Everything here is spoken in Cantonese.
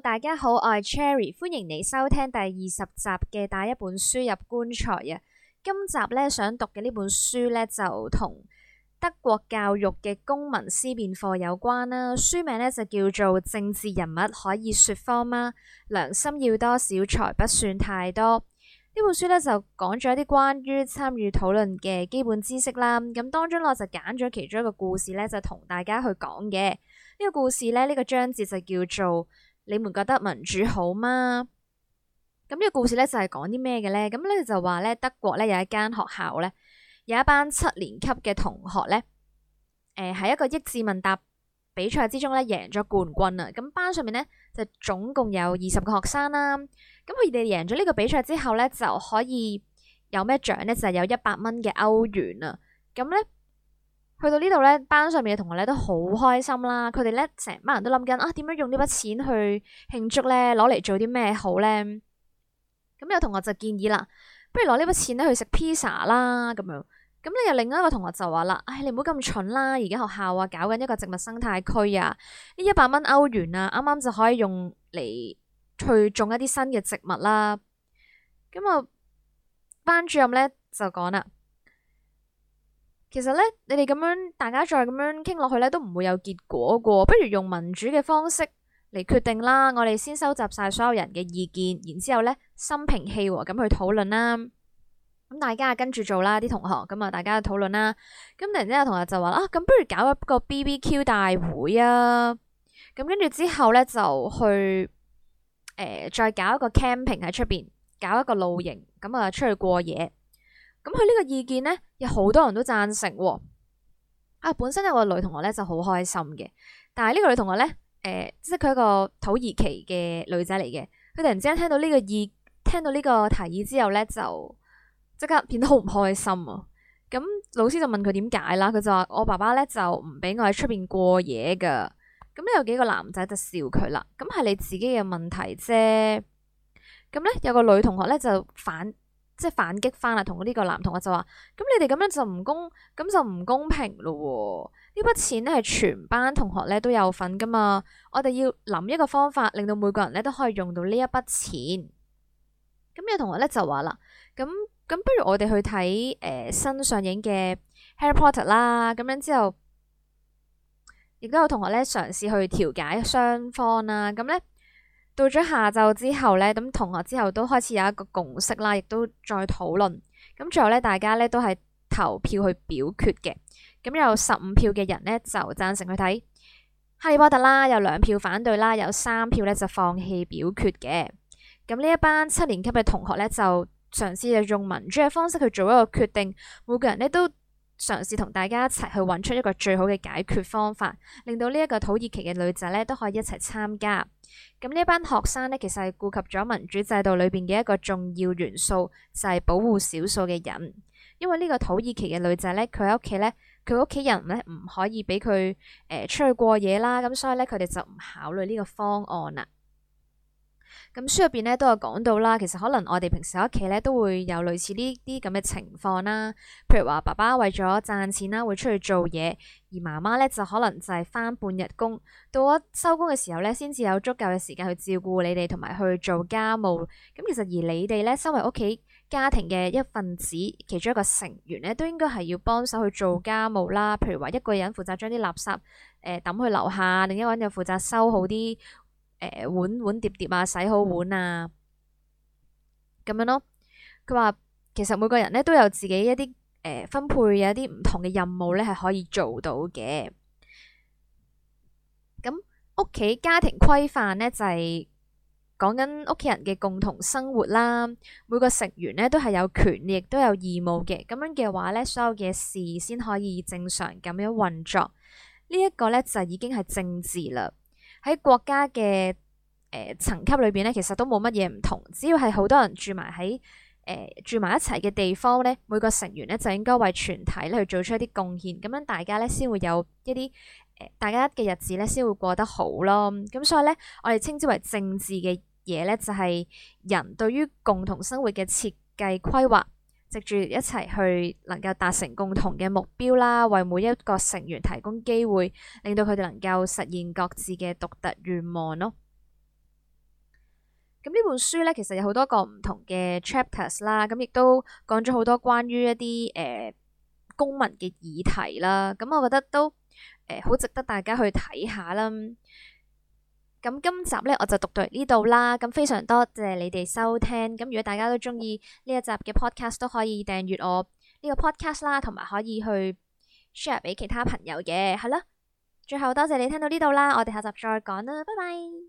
大家好，我係 Cherry，歡迎你收聽第二十集嘅帶一本書入棺材啊。今集咧想讀嘅呢本書咧就同德國教育嘅公民思辨課有關啦。書名咧就叫做《政治人物可以說謊嗎？良心要多少才不算太多》呢本書咧就講咗一啲關於參與討論嘅基本知識啦。咁當中我就揀咗其中一個故事咧，就同大家去講嘅呢個故事咧，呢個章節就叫做。你們覺得民主好嗎？咁呢個故事咧就係講啲咩嘅咧？咁咧就話咧德國咧有一間學校咧，有一班七年級嘅同學咧，誒喺一個益智問答比賽之中咧贏咗冠軍啊！咁班上面咧就總共有二十個學生啦。咁佢哋贏咗呢個比賽之後咧就可以有咩獎咧？就係有一百蚊嘅歐元啊！咁咧。去到呢度咧，班上面嘅同學咧都好開心啦。佢哋咧成班人都諗緊啊，點樣用呢筆錢去慶祝咧？攞嚟做啲咩好咧？咁有同學就建議啦，不如攞呢筆錢咧去食披薩啦，咁樣。咁呢又另外一個同學就話啦，唉、哎，你唔好咁蠢啦，而家學校啊搞緊一個植物生態區啊，呢一百蚊歐元啊，啱啱就可以用嚟去種一啲新嘅植物啦。咁啊，班主任咧就講啦。其實咧，你哋咁樣大家再咁樣傾落去咧，都唔會有結果㗎。不如用民主嘅方式嚟決定啦。我哋先收集晒所有人嘅意見，然之後咧心平氣和咁去討論啦。咁大家跟住做啦，啲同學咁啊，大家討論啦。咁突然之間有同學就話啊，咁不如搞一個 BBQ 大會啊。咁跟住之後咧就去誒、呃，再搞一個 camping 喺出邊，搞一個露營，咁啊出去過夜。咁佢呢個意見呢，有好多人都贊成喎、哦。啊，本身有個女同學呢就好開心嘅，但係呢個女同學呢，誒、呃，即係佢個土耳其嘅女仔嚟嘅，佢突然之間聽到呢個意，聽到呢個提議之後呢，就即刻變得好唔開心啊！咁老師就問佢點解啦，佢就話：我爸爸呢，就唔俾我喺出邊過夜噶。咁呢有幾個男仔就笑佢啦。咁係你自己嘅問題啫。咁呢，有個女同學呢，就反。即係反擊翻啦，同呢個男同學就話：咁你哋咁樣就唔公，咁就唔公平咯，啊。呢筆錢咧係全班同學咧都有份噶嘛，我哋要諗一個方法，令到每個人咧都可以用到呢一筆錢。咁有同學咧就話啦：咁咁不如我哋去睇誒、呃、新上映嘅《Harry Potter》啦。咁樣之後，亦都有同學咧嘗試去調解雙方啦。咁咧。到咗下晝之後呢，咁同學之後都開始有一個共識啦，亦都再討論。咁最後呢，大家呢都係投票去表決嘅。咁有十五票嘅人呢，就贊成去睇《哈利波特》啦，有兩票反對啦，有三票呢，就放棄表決嘅。咁呢一班七年級嘅同學呢，就嘗試用民主嘅方式去做一個決定，每個人呢，都。嘗試同大家一齊去揾出一個最好嘅解決方法，令到呢一個土耳其嘅女仔咧都可以一齊參加。咁呢班學生咧，其實係顧及咗民主制度裏邊嘅一個重要元素，就係保護少數嘅人。因為呢個土耳其嘅女仔咧，佢喺屋企咧，佢屋企人咧唔可以俾佢誒出去過夜啦，咁所以咧佢哋就唔考慮呢個方案啦。咁書入邊咧都有講到啦，其實可能我哋平時喺屋企咧都會有類似呢啲咁嘅情況啦。譬如話爸爸為咗賺錢啦，會出去做嘢，而媽媽咧就可能就係返半日工，到咗收工嘅時候咧，先至有足夠嘅時間去照顧你哋同埋去做家務。咁其實而你哋咧，身為屋企家庭嘅一份子，其中一個成員咧，都應該係要幫手去做家務啦。譬如話一個人負責將啲垃圾誒抌呃去樓下，另一個人就負責收好啲。碗、呃、碗碟碟啊，洗好碗啊，咁樣咯。佢話其實每個人咧都有自己一啲誒、呃、分配，有一啲唔同嘅任務咧係可以做到嘅。咁屋企家庭規範咧就係講緊屋企人嘅共同生活啦。每個成員咧都係有權利，亦都有義務嘅。咁樣嘅話咧，所有嘅事先可以正常咁樣運作。這個、呢一個咧就已經係政治啦。喺國家嘅誒、呃、層級裏邊咧，其實都冇乜嘢唔同，只要係好多人住埋喺、呃、住埋一齊嘅地方咧，每個成員咧就應該為全體咧去做出一啲貢獻，咁樣大家咧先會有一啲、呃、大家嘅日子咧先會過得好咯。咁所以咧，我哋稱之為政治嘅嘢咧，就係、是、人對於共同生活嘅設計規劃。藉住一齊去，能夠達成共同嘅目標啦，為每一個成員提供機會，令到佢哋能夠實現各自嘅獨特願望咯。咁呢本書咧，其實有好多個唔同嘅 chapters 啦，咁亦都講咗好多關於一啲誒、呃、公民嘅議題啦。咁我覺得都誒好、呃、值得大家去睇下啦。咁今集呢我就讀到嚟呢度啦。咁非常多謝你哋收聽。咁如果大家都中意呢一集嘅 podcast，都可以訂閱我呢個 podcast 啦，同埋可以去 share 俾其他朋友嘅係啦，最後多謝你聽到呢度啦，我哋下集再講啦，拜拜。